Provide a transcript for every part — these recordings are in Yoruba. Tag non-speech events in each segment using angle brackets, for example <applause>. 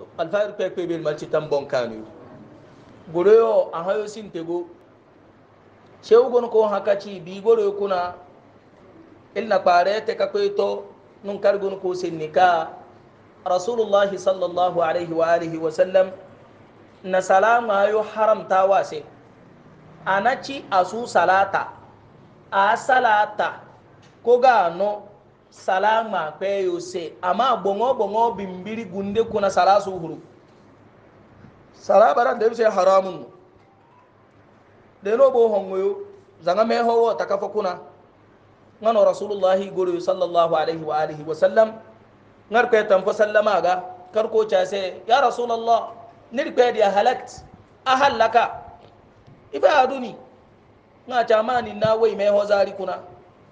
to alfahari kwe kwe bil malci tambon kanu gure yo a hayo sin tego shewu gon ko hakaci bi goro kuna ilna pare te ka kwe to nun kar gon ko sin nika rasulullahi sallallahu alaihi wa alihi wa sallam na salama yo haramta wase anaci asu salata a salata ko ga no salama peyo se amma bongo bongo bimbiri gunde kuna salasu huru salabaran da sai haramun da no bo hongoyo zanga me howo takafa kuna ngano rasulullahi goro sallallahu alaihi wa alihi wa sallam ngar ko tan fa sallama ga kar ko cha se ya rasulullah nir ko dia halakt ahallaka ifa aduni na chamani na wai me ho zari kuna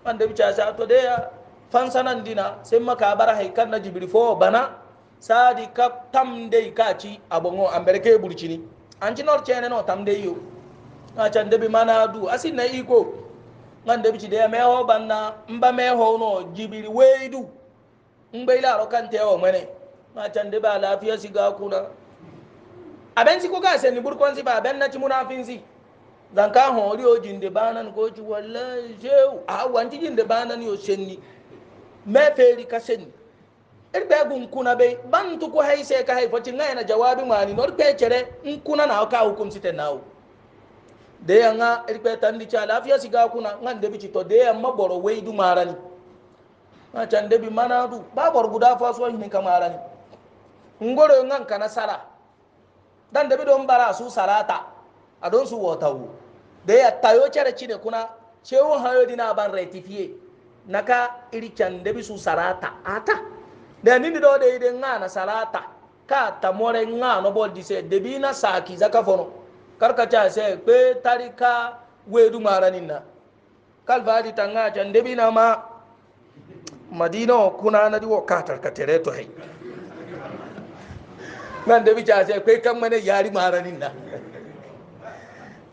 man da bi cha sa to da fansanan dina sai maka bara haikan na jibiri fo bana sadi ka tam dai ka ci abongo amberke burcini an ci nor chene no tam dai yo a can debi mana du asin na iko ngan debi ci de me ho banna mba me no jibiri weidu mbe ila ro kan te o mane a can ba lafiya si ga kuna aben si ko ga sen ni burkon si ba ben na ci munafin si zan ka ho ri o jinde banan ko ci wallahi shew a wanti jinde banan yo senni me feri kasen irbe gun kuna be ban tu ko ka hay focin ngai na jawabi mani nor pe chere in kuna na ka hukum site nawo de yanga irbe tan di cha lafiya siga kuna ngan de bici to de yamma boro wei du marani na can de mana du ba bor guda fa so hin ka marani ngoro ngan kana sala dan de bi don bara su salata adon su wotawu de ya tayo chere chine kuna chewo hayo dina ban rectifier naka irichan debi su sarata ata da nini do de ide nga na sarata ka ta more nga no bol dise debi na saki zaka fono karka cha se pe tarika wedu maranin na kalvadi tanga chan debi na ma madina kuna na diwo ka tarkatere to hai nan debi cha se pe kan mane yari maranin na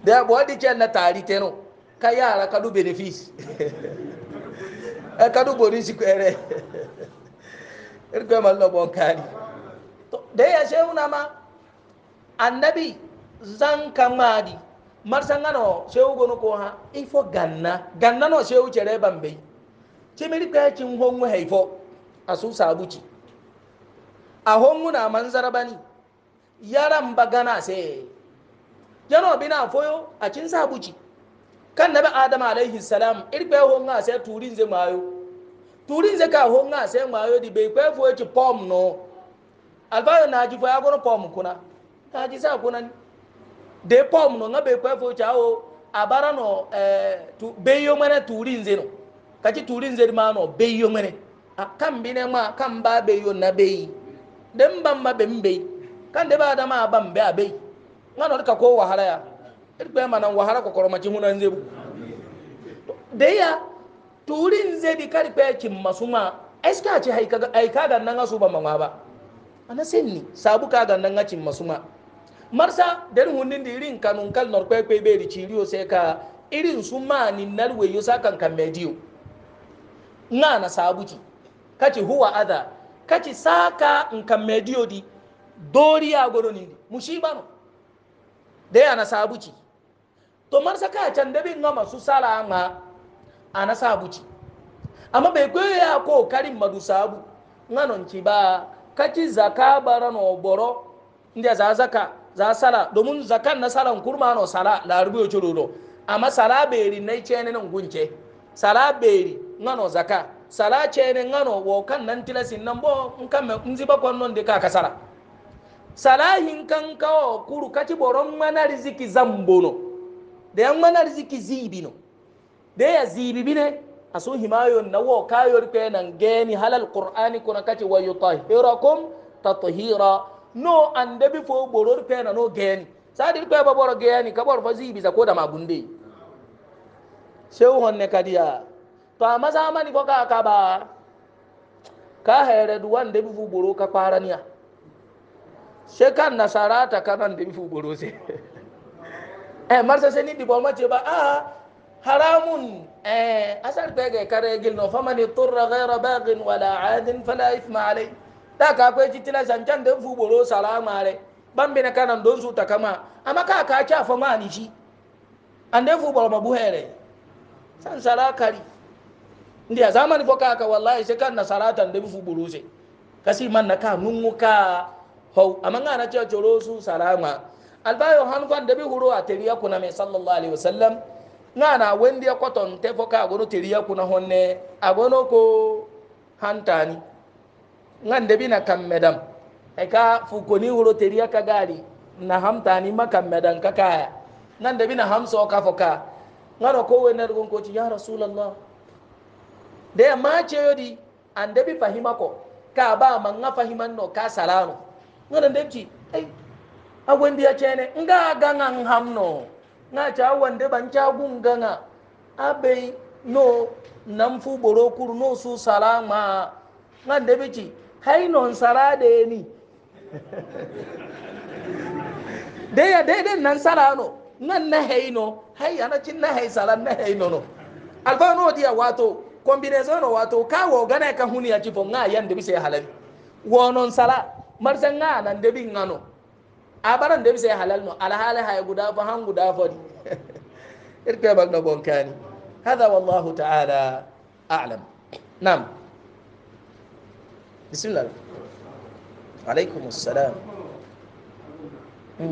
da bo di chan na tari teno ka yara ka du benefit <laughs> kadu bori sikwere irkwe mallo bon kari to da ya shehu na ma annabi zan kamadi marsan gano shehu gonu ko ha ifo ganna ganna no shehu chere bambe chimiri kwa chin honwe haifo asu sabuci a honwu na manzara bani yaran bagana sai jano bina foyo a cin sabuci kan nabi adam alayhi salam irpe ho nga se turin ze mayo turin ze ka ho nga se mayo di be kwe fo ci pom no alba na ji fo ya gono pom kuna ta ji sa kuna de pom no nga be kwe fo cha o abara no eh tu be yo mane turin ze no ka ci turin ze ma no be yo mane a kan bi ne ma kan ba be yo na be dem ban ma be mbe kan de ba adam a ban be a be nga no ka ko wahala ya irkwe mana wahara kokoro maci huna nze bu da ya turi nze di kari kwe ki masuma eske a ci haika ga nan ana sen sabu kaga nanga nan a ci masuma marsa der hunnin di irin kanun kal nor kwe kwe beri ci riyo sai ka ni narwe yo sakan kan mediyo na na sabuki kaci huwa adha kaci saka nkan mediyo di doriya goro ni musibano da yana sabuki to man saka can da bin gama su sala ma ana sabu ci amma bai koyo ya ko karin madu sabu nanon ci ba kaci zaka bara no boro inda za zaka za sala domin zakan na salan kurma no sala larubu yo choro amma sala beri nai chene nan gunce sala beri ngano zaka sala chene ngano wo kan nan tilasin nan bo nkan me nziba kon non de ka kasara sala hin kan kawo kuru kaci boron mana riziki zambono da yan mana arziki zibi no da ya zibi bine a sun himayo na wo kayo rike nan gani halal qur'ani kuna kace wa yutahhirakum tathira no andabi fo boro rike na no gani sadi rike ba boro gani ka boro fa zibi za ko da magunde shehu honne kadiya to amma zamani ko ka ka ba ka here duwan da bifu boro ka kwaraniya shekan nasara ta kanan da bifu boro sai <laughs> eh marsa sai ni dibo mace ba a ah, haramun eh asar ga ga kare gil no faman turra ghayra baghin wala adin fala ithma alai da ka akwai titila zancan da fu boro salama re bambe na kanan don su takama amma ka ka cha fa ma ni shi ande fu boro mabu here san sarakari ndi a zamani fo ka ka wallahi sai kan nasaratan da fu boro sai kasi man na ka nunguka hau amma na ce coro su salama albayo hangon da bi huro a teriya kuna mai sallallahu alaihi wasallam na na wendi ya kwaton te foka agono teriya kuna honne agono ko hantani ngan da bi na kan medam ai fukoni huro teriya ka gari na hamtani makan medan ka kaya nan da bi na hamso ka foka ngaro ko wena rugon ko ci ya rasulullah da ma ce yodi an da bi fahima ko ka ba man nga fahiman no ka salano ngana ndebci ai agwen dia chene nga ganga hamno nga cha wande ban cha gunganga abai no namfu borokuru no su salama nga debici hai non sarade ni deya dede nan sarano nan na haino hai ana cin na hai salan na haino no alfano dia wato combinaison no wato kawo gana ka huni ya cifo nga yan debi sai halal wonon sala marsan nga nan debi ngano abaran da bisa halal no alhala hay guda fa han guda fa di irke bagna bonkani hada wallahu ta'ala a'lam nam bismillah alaikum assalam Mm.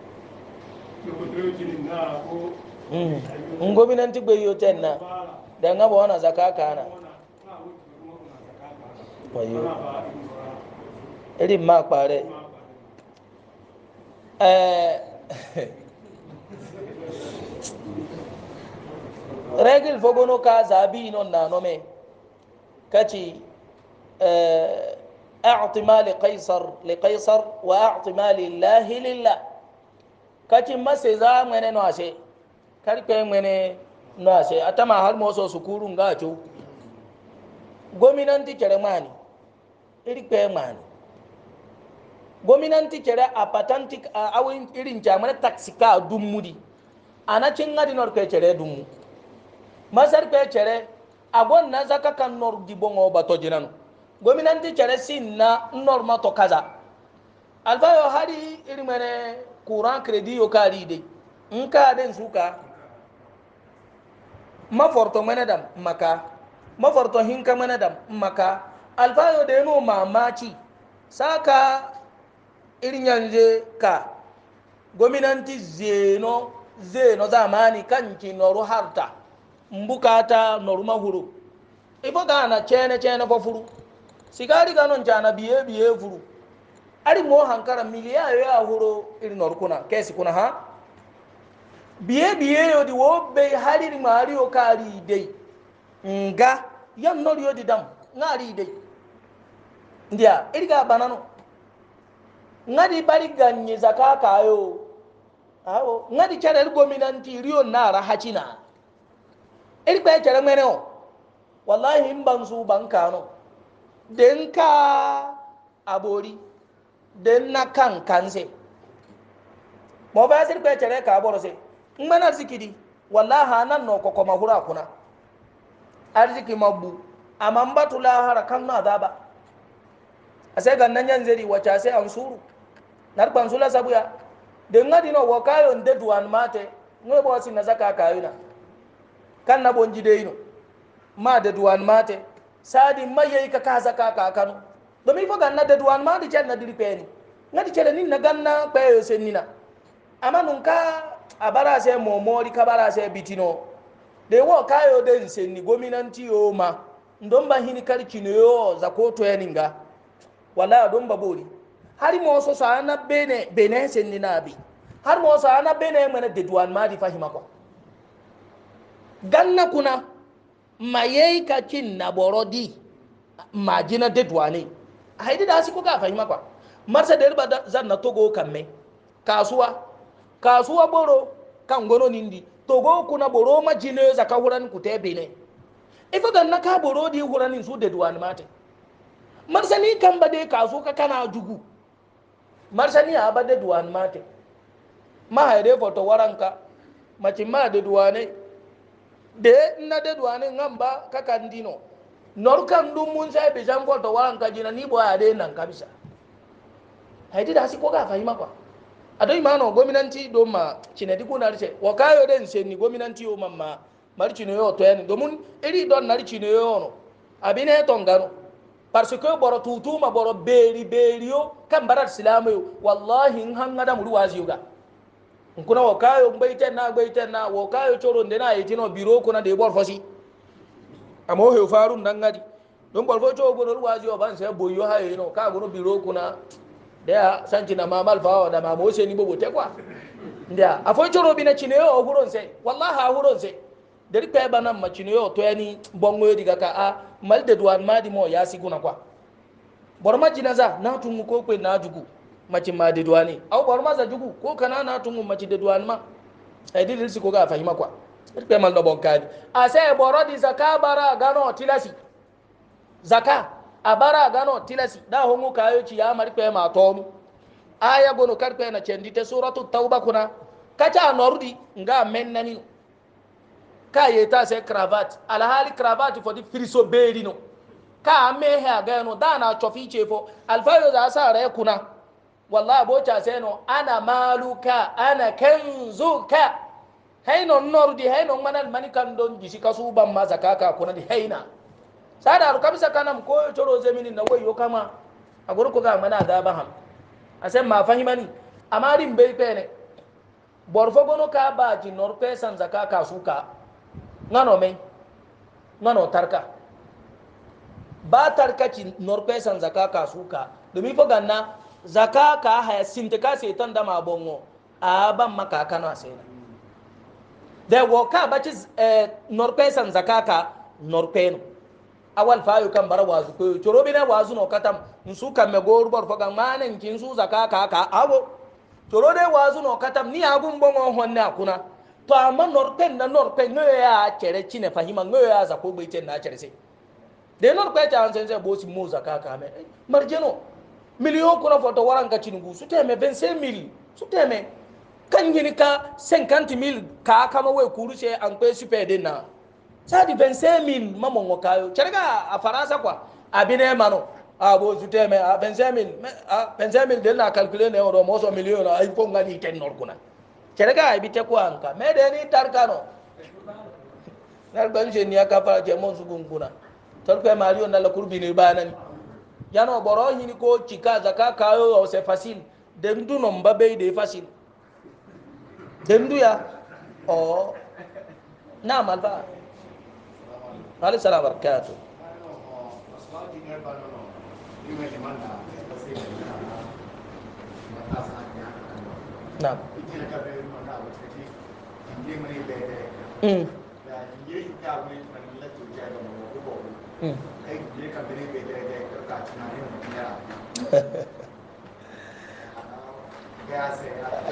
Mm. ngominan ti gbe yoten na da nga ba wana zaka kana wayo eri ma pare eh <laughs> regil fogono ka zabi non na no me kaci eh a'ti mali qaisar li qaisar wa a'ti mali kati mase za mwene no ase kari pe mwene no ase atama har mo so sukuru nga cho gominanti kere mani iri pe mani gominanti kere apatanti awin irin jamana taxi ka dummudi ana cinga dinor pe kere dummu masar pe kere agon na zaka kan nor dibongo bato jinanu gominanti kere sin na norma to kaza alfayo hari irin mene kuran kredi yo kari de in ka suka mafarto mana dam maka mafarto hinka manadam dam maka alfayo da yano mamaci saka irin yanzu ka gwamnati zeno zeno zamani kanki noru harta mbukata noru mahuru ifo ga na chene chene fo furu sigari ga chana biye biye furu ari mo hankara miliya yo ya huro iri norkuna kesi kuna ha biye biye yo di wobe hari ri mari o kari dei nga yan nori yo di dam ngari dei ndia iri ga banano ngadi bari ganye zakaka yo awo ngadi charel gominanti riyo nara hachina iri gbe chere mere o wallahi mbansu bankano denka abori den na kan kanse mo ba sir pe chere ka boro se ngman arziki di wallahi nan no ko ma hura kuna arziki mabbu amma batu lahara kan na azaba ase ga yan zeri wacha se ansuru nar ban sula sabuya de ngadi no wo kayo nde duwan mate ngwe bo sin na zaka kayo na kan na bonji de ma de duwan mate sadi mayyai ka ka zaka ka kanu domin fo ganna da duwan ma da cal na diri peni nga di cele ni na ganna kpeyo sen nina ama nun ka abara se momori kabara se bitino de wo kayo de sen ni gominanti yo ma ndon ba hini kar kino yo za ko to yaninga wala don ba bori mo so sa na bene bene sen ni na bi har mo sa na bene mana de duwan ma di fahima ko ganna kuna mayai ka kin na borodi majina de duwane haidi da asi ko ka fahima kwa marsa da riba zan na togo kan me kasuwa kasuwa boro kan gono nindi togo kuna boro ma jine za ka huran ku te bene ifa ga na ka boro di huranin su da duwan mate marsa ni kan ba dai kasu ka kana jugu marsa ni a ba da duwan mate ma haire foto waranka macin ma da duwane de na da duwane ngamba ka kan dino norkan dum mun sai be jam ko to waran ka jina ni boya de nan kabisa haidi da si ko ga fahima kwa adoi mano gominanti do ma cinedi ko narse wakayo den ni gominanti o mamma mari cino yo to yani domun iri don nari cino yo no abine to ngano parce que boro tutuma boro beri beri yo kan barat silamu yo wallahi in han ngada mu yo, yoga nkuna wakayo mbaiten na gbaiten na wakayo choro ndena yitino biro kuna de bor fosi amma he farun nan ngadi don balfo to go dol waji o ban sai boyo ha yino ka go biro kuna da sanci na mamal fawa da mamo sai ni bobo te kwa nda afo choro bi na chine o huron sai wallahi ha huron sai da rika ba nan ma o to yani bongo diga ka a mal da duwan madi mo ya si kuna kwa borma jinaza na tungu ko kwe na jugu macin ma da duwani au borma za jugu ko kana na tungu maci da duwan ma ai dilil si ko ga fahima kwa irpe mal do bonkadi ase borodi zaka bara gano tilasi zaka bara gano tilasi da hongu kayo ci ya pe ma tomu aya gono karpe na cendite suratu tauba kuna kacha nordi nga mennani ka yeta se cravat alhali cravat fodi friso beri no ka mehe agano da na chofi chefo alfayo za sa re kuna wallahi bocha seno ana maluka ana kenzuka hayno nordi hayno manal mani kan don jisi kasu ban ma zakaka kuna di hayna sada aru kamisa kanam ko choro zemini na wayo kama agoro ko ga mana da baham asem ma fahimani amari mbei pene borfo gono ka baji nor pesan zakaka suka ngano me ngano tarka ba tarkaci nor pesan zakaka suka domin fo ganna zakaka haya sinte ka setan da ma bongo a ban maka kano asena da wo ka baci norpe san zakaka norpe no awal fayo kan bara wazu ko coro bi wazu no katam nsu kan me goru bar faga manan kin su zakaka ka awo choro de wazu no katam ni agun bon on honna kuna to amma norpe na norpe no ya chere chine fahima no ya zako bai cin na cere sai da norpe ta an san bosi mu zakaka me eh, marjeno million kuna foto waranka cinugu su teme 25 mil su teme kan yini ka 50 mil ka kama wai kurushe an kwe supe din na sadi ben se min mamon wa kayo charga a faransa kwa abine mano a bo zute me a ben se min a ben se min din na calcule ne ro mo so million a ifo ngani ten nor kuna charga a bite ko anka me de ni tarkano nal ban je ni aka fara je mon su gunguna tarko mariyo na la kurbi ni banan yano boro hini ko chika zaka kayo o se facile den dunon babe de facile They will do ya. Or, Naam Alba. Alayhi salam barakatuh. Naam. Mm. Mm.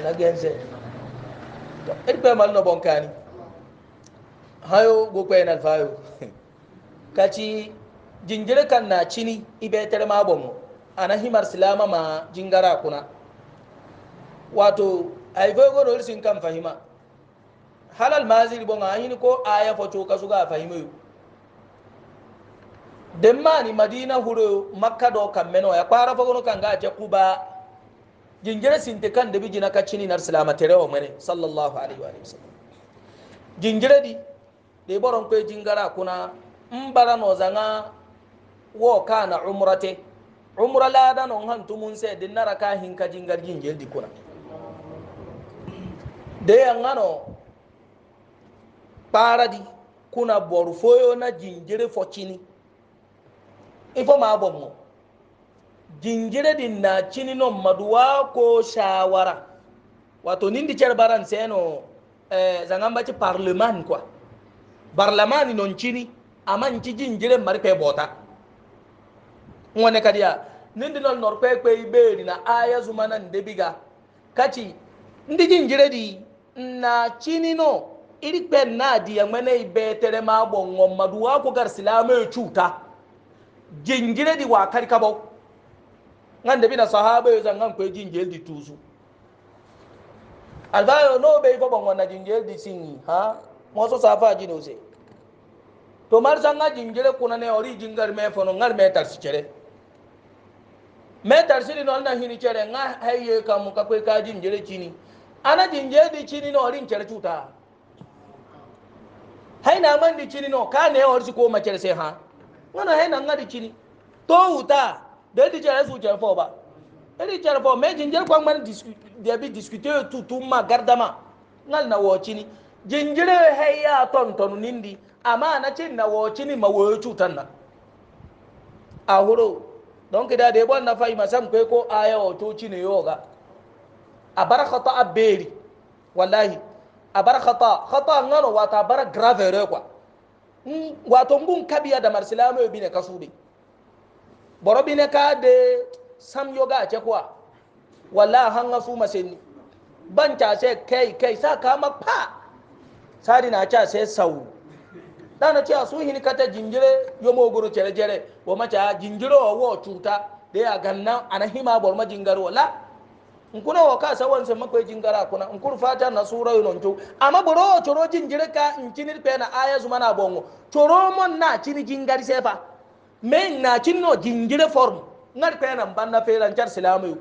<laughs> Alagense to edi kwe mal no bonkani hayo go kwe na fayo <laughs> kaci jinjire kan na cini ibe tere ma bongo ana himar silama ma jingara kuna wato ay fo go no sin kan fahima halal mazil bonga ayini ko aya fo to kasuga fahima yo demmani madina huro makka do kammeno ya kwara fo gono kan ga je kuba jinjere sinte kan debi jina ka cini nar silamatere o mene sallallahu alaihi wa alihi wasallam jinjere di de boron ko jingara kuna mbara no zanga wo kana umrate umra la da non han tumun se din nara ka hin ka jingar jinjel di kuna de yangano paradi kuna boru foyo na jinjere fo cini ifo ma bomo jinjire din na cini no maduwa ko shawara wato nindi cer baran seno eh, zangamba ci parlement quoi parlement non cini aman ci jinjire marpe bota ngone kadiya nindi non nor kwe kwe iberi na aya zumana ndebiga kaci ndi jinjire di na cini no iri kwe na di yangmene ibetere ma bongo maduwa ko gar silame cuta jinjire di wa karikabau ngan debi na sahaba yo zangan kwe jinjel di tuzu alfayo no be ko bongo na jinjel di singi ha moso safa jino se to mar sanga jinjele kuna ne ori jingar me fono ngar me tar sichere me tar siri no na hini chere nga haye kamu ka kwe ka jinjele chini ana jinjel di chini no ori chere chuta hay na man di chini no ka ne ori ko ma chere se ha ngana hay na ngadi chini to uta da yadda jere su jere ba yadda jere fo mai jinjir kwan mani da bi diskute ma gardama ngal na woci ni jinjire hai ya ton ton nindi amma na na woci ni ma woyo cutan na a huro don kida da yabon na fahimta sam kai ko aya wato ci ne yoga a bar khata a beri wallahi a bar khata khata ngano wata bar kwa wato ngun kabiya da marsilano bi ne kasu bi borobine ka de sam yoga ce kuwa wala hanga su masin ban ta kai kai sa kama pa sari na ca sai sau dana ce su hin kata jingire yomo mo guru cere cere wo maca jingiro wo cuta da ya ganna ana hima bor ma jingar wala in kuna wa ka sawan sai makwai jingara kuna in kun fata na sura yo nonto amma boro coro jingire ka in kinir pe na aya zuma na bongo coro mon na cini jingari sai fa men na cinno jingire form ngar ko nan banna felan jar silamu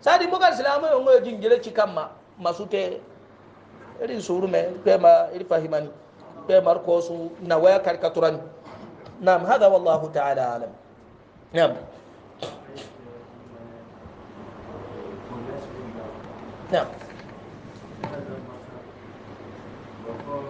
sadi mo gar silamu ngo jingire cikamma masute irin suru me pema iri fahimani pema ko su na waya karikaturan nam hada wallahu ta'ala alam nam nam Thank you.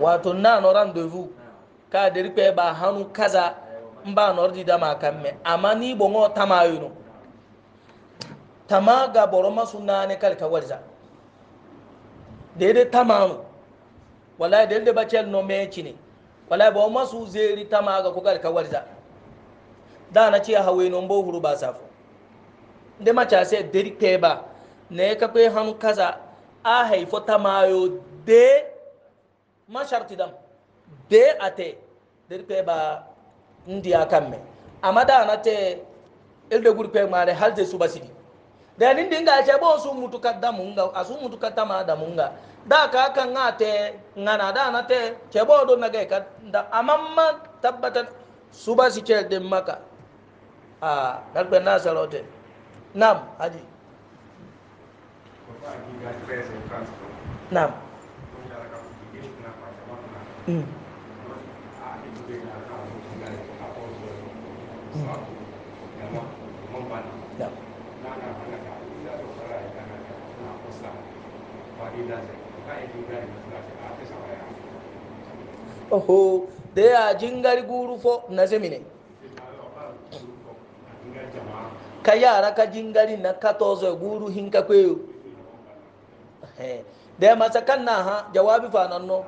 wato na noran dovu ka deri pe ba hanu kaza mba nordi dama kamme amma ni bongo tamayo no tama ga boro masu nane kalka warza daidai tamamu wallahi da yadda bacel no meci ne wallahi ba masu zeri tama ga kuka ka warza da na ce hawaye no mbo huru ba safo de macha se deri ke ba ne ka kwe han kaza a haifo ta mayo de masharti dam de ate dirpe ba ndiya kan me amma da na te ilda gurpe ma da halje su basidi da nin dinga ce bo su mutukar da munga a su mutukar ta ma da munga da ka kan na te ngana da na te ce bo do na ga ka da amamma tabbatan su basike din maka a ah, darbe na salote nam haji Naam. Mm. oho da ya jingari guru fo na zemine ka yara ka jingari na ka guru hinka kweyo da masa kan na ha jawabi fa nan no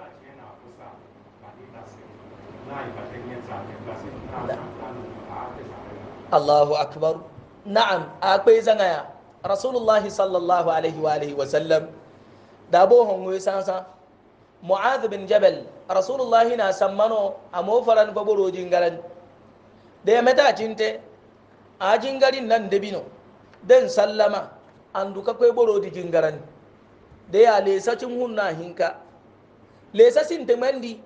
Allahu akbar na'am akwai zangaya rasulullahi sallallahu alaihi wa alihi wa sallam da bo hongo sansa mu'adh bin jabal rasulullahi na sammano a mofaran goboro jingaran da ya mata cinte a jingarin nan dabino dan sallama an duka kai boro di jingaran da ya lesacin hunna hinka lesasin timandi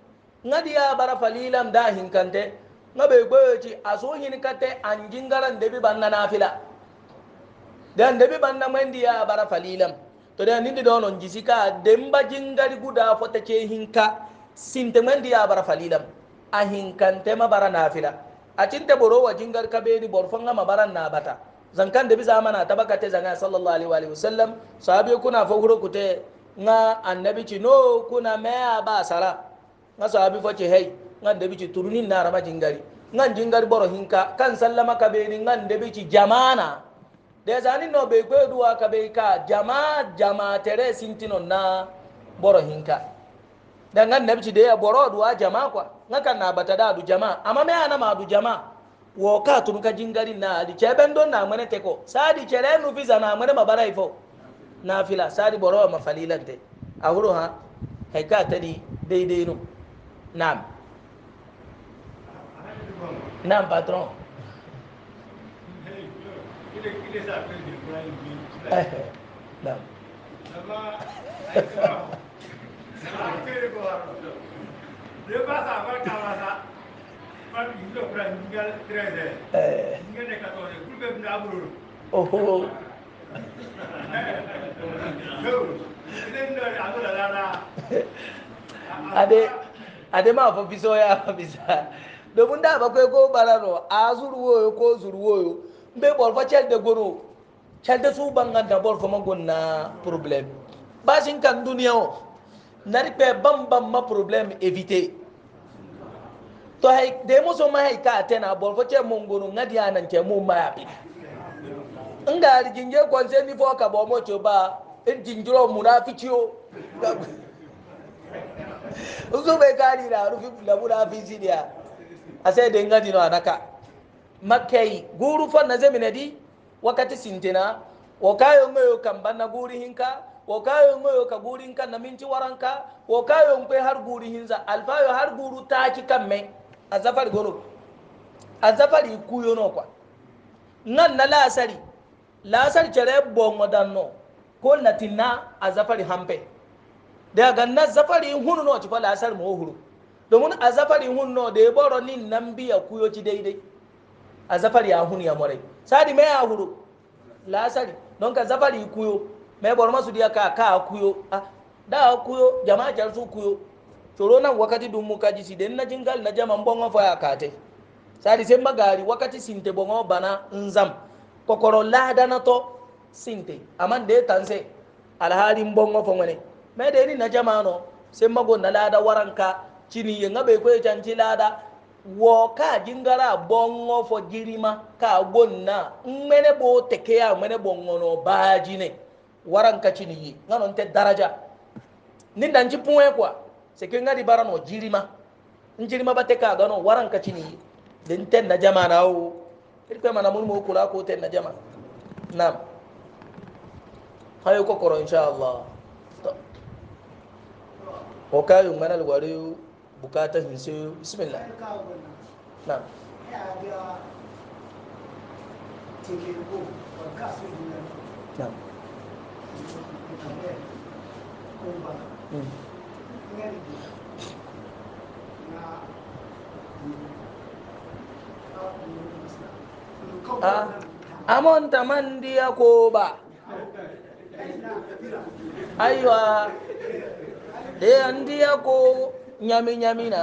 ngadi ya bara falilam da hinkante ngabe gboyoci aso hinkate an jingaran debi banna nafila dan debi banna mandi ya bara falilam to da nindi donon jisika demba jingari guda fota ce hinka sinte mandi ya bara falilam a hinkante ma bara nafila a cinte boro wa jingar kabeni borfon ma bara nabata zankan da bisa mana tabaka te zanga sallallahu alaihi wa alihi wasallam sahabi kuna fo huro kute nga annabi ci no kuna mea ba sara nga sahabi fo ci hey nga annabi ci turunin na rama jingari nga jingari boro hinka kan sallama ka be ni nga annabi ci jamana de zani no be gbe duwa ka be ka jama jama tere sintino na boro hinka dan nga annabi ci de ya boro duwa jama kwa nga kan na bata du jama amma me ana ma du jama wo ka tun ka jingari na di cheben don na mane teko sadi chere nu visa na mane mabara ifo na fila sadi boro ma falilan te a huru ha kai ka dei daidai no nam nam patron nam Deba sa oho eh. ade ade ma fo biso ya fo bisa domin da bakwai ko bara no a zuruwoyo ko zuruwoyo mbe bol fo chel de gono chel de su bangan da bol fo ma gonna problem bashin kan duniya o nari pe bam bam ma problem éviter to hay de muso ma hay ka tena bon fo ce mun gunu ngadi anan ce mun ma yabi nga arjinje kon se ni fo ka bo mo ce ba in jinjiro munafikiyo uzo be gari da rufi da munafisi dia a sai da ngadi no anaka makai guru fo na zemine di wakati sintina wakayo ngoyo kambana guri hinka wakayo ngoyo ka guri hinka na minti waranka wakayo ngwe har guri hinza alfayo har guru taki kamme azafari goro azafari kuyo no kwa nan na lasari lasari chere bongo danno ko latinna azafari hampe daga na zafari hunu no ci fa lasari mo huru domin azafari hunu no da boro nin nan biya kuyo ci daidai azafari ya hunu ya more sadi me ya huru lasari don ka zafari kuyo me boro masu dia ka ka kuyo ah da kuyo jama'a jar su kuyo coro nan wakati dum muka ji siden na jingal na jama bongo fo ya kate sari sai magari wakati sinte bongo bana nzam kokoro lada na to sinte aman de tanse alhali bongo fo ngane me de ni na jama no sai mago na lada waranka chini ye ngabe ko canci lada wo ka jingara bongo fo jirima ka gonna mmene bo teke ya mmene bongo no baji ne waranka chini yi ngano nte daraja ni danci puwe kwa seke ngadi barano jirima njirima bate ka gano waran ka cini den ten na jama na o ir ko mana mun mo kula ko ten na jama nam hayo ko koro insha Allah o ka yu manal wari bukata hin se bismillah nam nam hmm. Ah, amanta man diya koba. ba aiwa ɗaya diya ko nyami-nyami na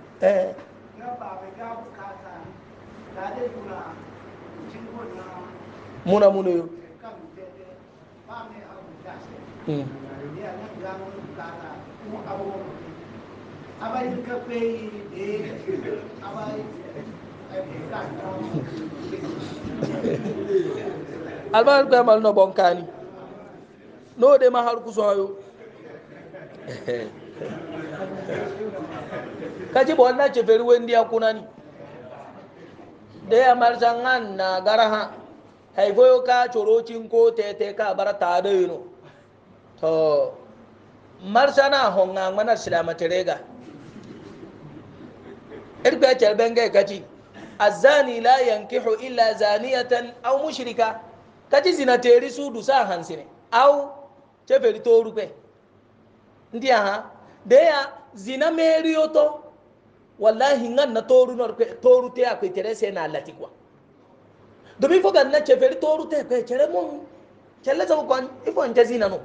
<laughs> eh. muna muna yau albar ko mal no bonkani no de ma har ku soyo <laughs> kaji bo na che feri wendi akunani de amar zangan na garaha haifoyo ka corocin ko tete ka bar ta da yino to marsana honga mana silama terega irbe cerben ga er kaci azani la yankihu illa zaniyatan aw mushrika kaci zina teri su dusa hansine aw ceferi to rupe ndi aha deya zina meri oto wallahi ngan na toru nor toru te akwai tere na latikwa domin foga na ceferi toru te pe cere mun celle sabu kon ifo nje zina no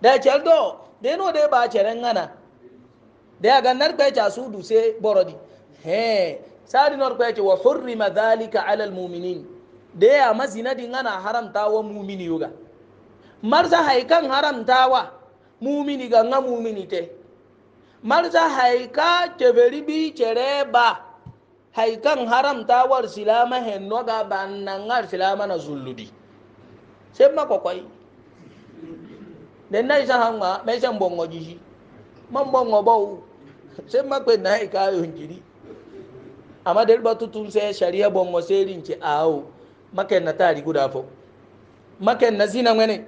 da cel do de no de ba cere ngana de aga nar pe cha su du se borodi he sari nor pe cha wa hurrima dhalika ala al mu'minin de ya mazina din ngana haramta wa mu'mini yoga marza haikan haramta wa mu'mini ga nga mu'mini te marza haika ceferi bi cere ba haikan haramta war silama hen noga bannangar silama na zulludi semma kokoy nden nayi sahanga mai sen bongo jisi man bongo bow semma kpe nayi kayon jiri amma del batutun se sharia bongo serinci awo maken na tari guda fo maken na zina ngene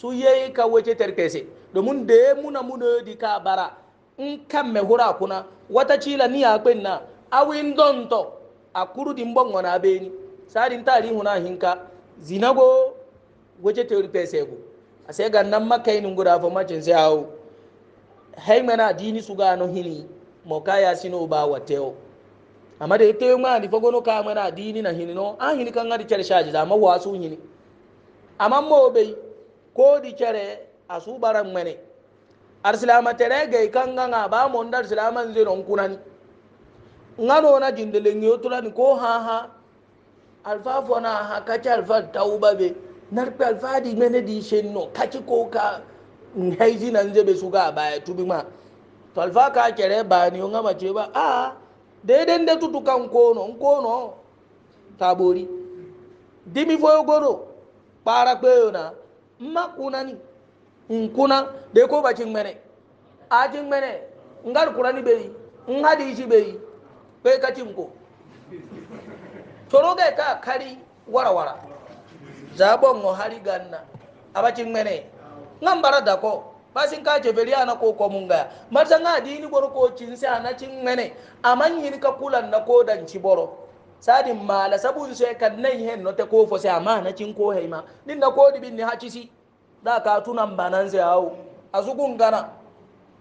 su yeyi ka wece terkese domin da ya muna muna di ka bara in kan mai hura kuna wata cila ni a na awin donto a kurudi mbongo na beni sari ntari huna hinka zinago goje teori pesegu ase ga nan makkay nu ngura fo ma jense haw hay mana dini suga no hini mo kaya sino ba wateo amade te ma ni fogono ka mana dini na hini no a hini kan ngari chere shaji da ma wasu hini amam mo be ko di chere asu baran mene arsilama tere ga ikanga ba mon dar silama nzero nkunani ngano na jindele ngiyo tulani ko ha ha alfa fona ha kaci alfa tauba be narpe alfa di mene di shenno kaci ko ka haiji nan zebe su ba baya tubi ma to alfa ka kere ba ni nga mace ba a daidai da tutu kan kono kono tabori dimi foyo goro para kweyo na mma kuna ni nkuna de ko bacin mene ajin mene ngar kurani beyi nhadi ishi beyi pe kacinko toroge ka kari wara wara zabongo hari ganna abacin mene ngan bara dako basin ka ce beri ana ko ko munga marta nga dini boro ko cin sai ana cin mene aman yin ka kulan na ko dan ci boro sadin mala sabun sai kan nan hen no te ko fo sai ama na cin ko heima din na ko dibin ni hacisi da ka tunan banan sai awo azugun gana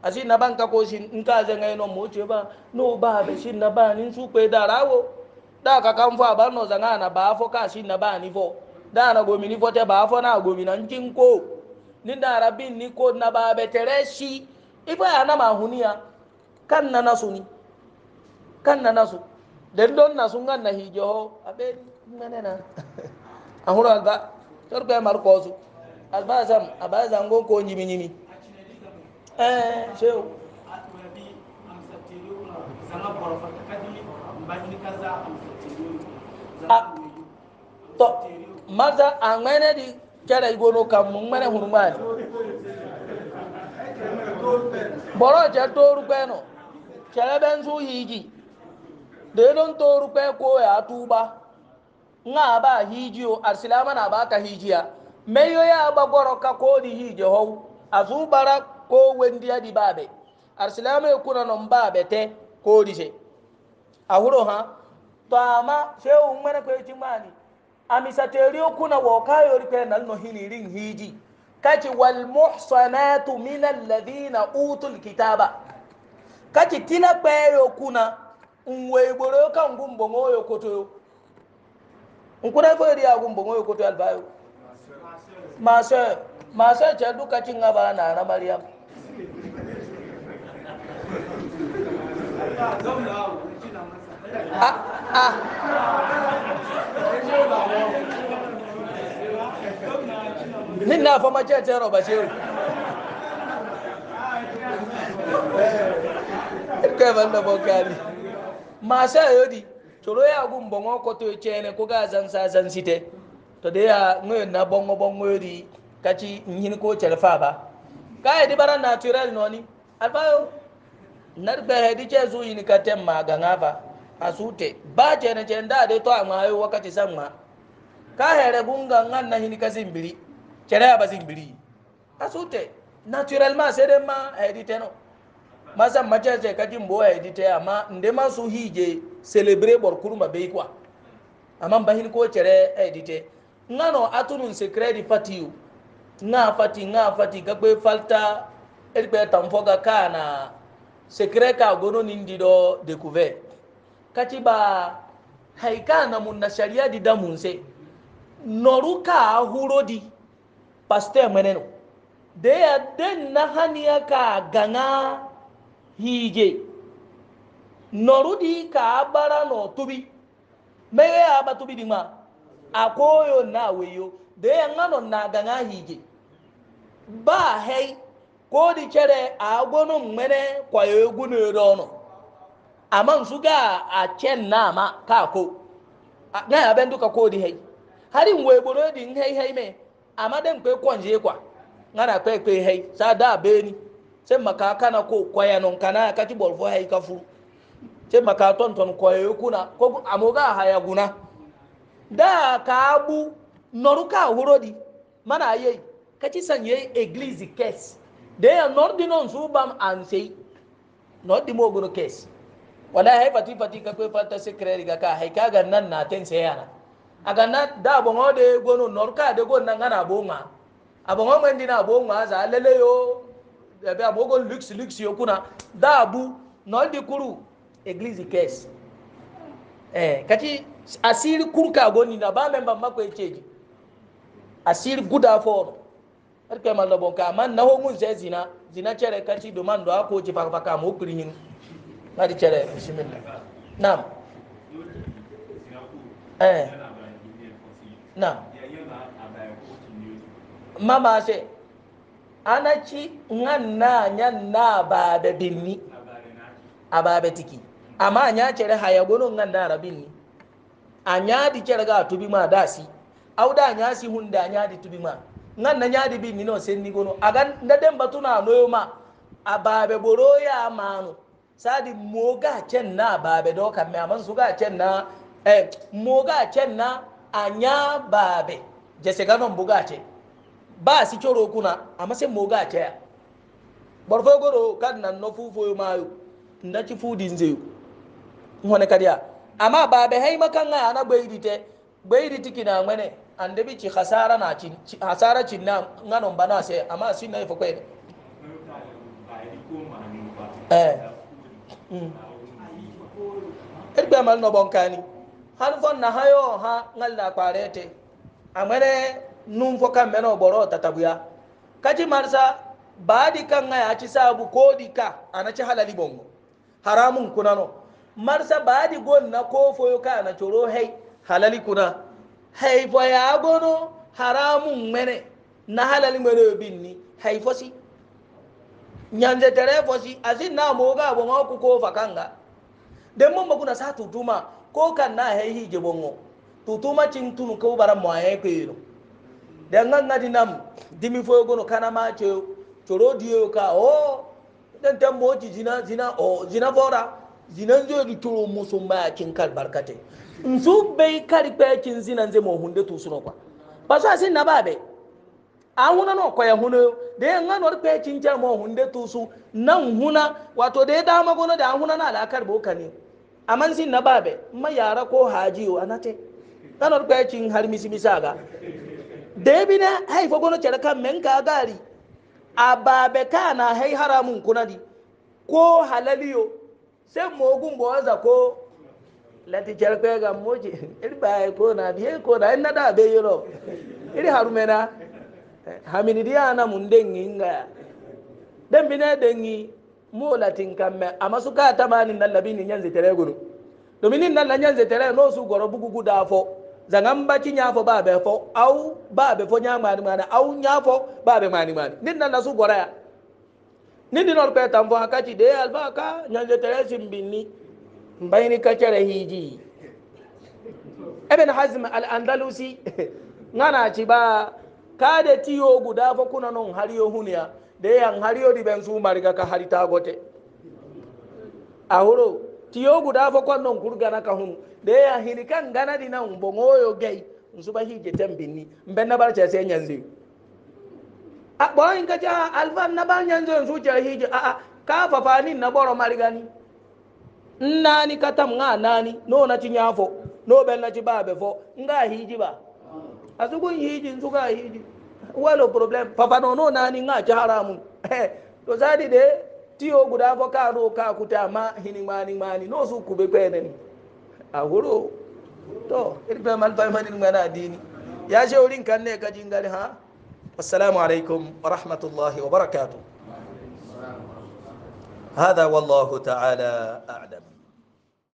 asi na ba nka ko si nka ze ngai no mo che ba no ba be si na ba ni su pe darawo da ka kan fo aba no zanga na ba fo ka si da na gomi ni fo te ba fo na gomi na nkin ko ni da rabin ni ko na ba be tere shi ifa ya na ma huniya kan na nasu ni na na na ahura ga torpe mar ko su albazam abazam go ko ɛɛ sew. tɔ masa a ŋmɛnɛ di kɛra igono ka mu ŋmɛnɛ hunuma ye bɔrɔ cɛ tooru kpɛ nɔ cɛlɛ bɛ nsu su hiiji deedon tooru kpɛ ko ya tuuba ŋa a b'a hiiji o alisilama na a b'a ka hiiji ya mɛ yo y'a ba gɔrɔ ka koo di hiije hɔw a su bara ko wendiya di babe arsilama kuna non babe te ko dise ahuro ha to ama shehu mana ko timani amisateri kuna wo kayo rike nan no hinirin hiji Kati wal muhsanatu min alladhina utul kitaba kaci tina peyo kuna nwe gboro kan gumbo ngoyo koto nkuna fori ya gumbo ngoyo koto albayo maso maso ce duka cin gaba na na maryam nin na fama ce ce roba ce kai ban da bokali masu yodi toro ya gun bongo koto ce ne ko ga zan sa zan site to da ya ngoyon na bongo bongo yodi kaci yin ko cerfa ba kai di baran na tural noni alfayo nar bere di ce zu yini katen ma ga ngaba asute ba ce ne ce nda de to amma ayo wakati sanma ka here gunga ngan na hini kasin biri cere ya bazin biri asute naturellement sai dai ma edite no masan mace ce kajin bo edite amma inde ma su hije celebrate bor kurma bai kwa amma bahin ko cere edite ngano atunun secret di patiu nga fati nga fati gagbe falta erbe tamfoga kana secret ka gono nindi do découvert kati haika na mun na sharia di da mun se noru ka hurodi pasteur meneno de ya den na hania ka ganga hige norudi ka abara no tubi meye aba tubi di ma akoyo na weyo de ya ngano na ganga hige ba hei kodi chere agwonu mmene kwa egwu n'ere ọnụ ama nsuga a chen na ama ka ko na ya bendu ka kodi hei hari ngwe gboro di nhei hei me ama den kwe kwanje kwa ngana kwe kwe hei sa da beni se maka kana ko kwaya non kana ka ti bolfo hei ka fu se maka ton ton kwaya kuna ko amoga haya guna da ka abu noruka hurodi mana yei kachi sanye eglise case ya deya nordi non suubam an sey noddi mogono kees wala hay fati fati ka koy falta secret ga ka hay kaga nan na ten seyana aga na da bongo de gono norka de gon nan ana bonga abongo ngendi na bonga za lele yo be abogo lux lux yo kuna da bu noddi kuru eglise kees eh kati asiri kurka goni na ba memba mako echeji asiri guda foro erke malla bon ka man na homun sai zina zina chere kati do man do ako ci fa fa ka mo kuri hin na di chere bismillah nam eh nam mama se anachi ngan na nyan na ba da binni ababe tiki amma anya chere haya gono ngan da rabinni anya di chere ga tubi ma dasi auda anya si hunda anya di tubi ma nan na nyaadi bi mino senni gono agan ndaden batuna noyoma ababe boroya mano sadi moga cenna ababe do kamme aman suga cenna eh moga cenna anya babe jese ganon buga ce ba si coro kuna amma sai moga ce ya barfo goro kan nan no fufo mayo nda ci fudin zeu ngone kadiya amma babe hay makan ga ana gbeidite gbeiditi kina ngene ande bi ci hasara na ci hasara ci na nganon bana se amma sin na ifo kwene eh mm irbe mal no bonkani han fon na hayo ha ngalla kwarete Amere nun fo kan meno boro tatabuya kaji marsa baadi kan ga yaci sabu kodi ka anaci halali bongo haramun kunano marsa baadi gon na kofoyo ka na choro hei halali kuna haifo ya gono haramun mene na halal mene bin ni haifo si nyanze tere fosi asin na moga bo ma ku ko fakanga den mun bakuna satu tutuma ko kan na haihi je bongo tutuma cin tunu ko bara mo ay ko yiro den nan ngadi dimi fo gono kana ma ce coro diyo ka o dan tambo ci zina zina o zina bora zinan zo di turo musu ma cin kal barkate nsu bai kari kpekin zinan zai mohun da tusuro kwa ba su asin na babe an huna no kwaya huna da yin hannuwar kpekin jar mohun da tusu nan huna wato da dama gona da an huna na alakar boka ne amma sin na babe ma yara ko haji o anate hannuwar kpekin har misi misa ga da ya bi na haifa gona cire kan men ka gari a babe ka na hai haramun kunadi ko halaliyo sai mogun bawaza ko lati charkwe ga moji iri ba ko na biye ko na inna da be yoro iri harumena hamini dia na mundengi nga dan bine dengi mo latin kamme amasu ka tamani nan labini nyanze tere guru domin nan la nyanze tere no su goro bugugu da fo zangan baci nyafo ba be fo au ba be fo nya mani mani au nyafo ba be mani mani nin nan la su gora ya nin dinor pe tambo akachi de alba ka nyanze tere simbini mbayni kacara hiji ibn hazm al andalusi ngana ci ba kada tiyo guda fa kuna non hariyo huniya da yan hariyo di ben su mariga ka harita gote a huro tiyo guda fa kon non kurgana ka hun da yan hinikan gana di nan bongoyo gai nsuba hije tambini mbenna barcha sai nyanzi ah, a boyin ah, ah, ka ja alfan na ban yanzu su ja hije a a ka fafanin na boro marigani nnani katam nga nani no na ci nyafo no bel na ci babe fo nga hiji ba asugun hiji nsuga hiji walo problem papa no no nani nga ci haramun <laughs> to zadi de tiyo guda fo ka ro ka kuta ma hini mani mani no su kube kwene ni a huro to irfe mal fa mani ngana dini ya shaurin kan ne ka jingali ha assalamu alaikum wa rahmatullahi wa barakatuh هذا والله تعالى أعلم